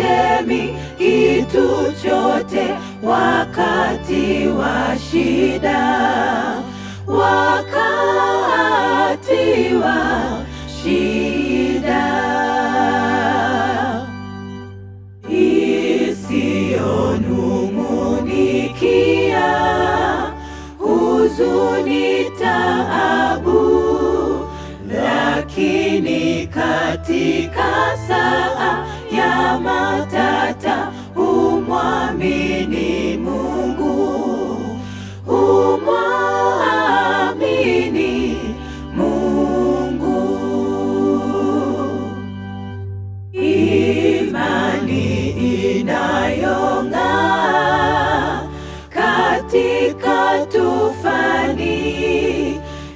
hatemi kitu chote wakati wa shida, wakati wa shida isiyonung'unikia, huzuni, taabu, lakini katika saa katika tufani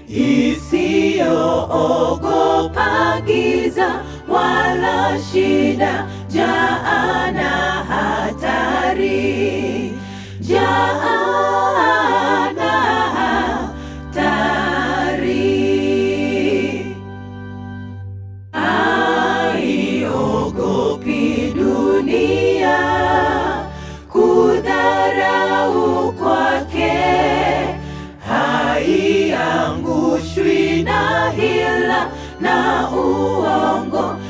isiyoogopa giza wala shida, jaa na hatari, jaa dharau kwake haiangushwi na hila na uongo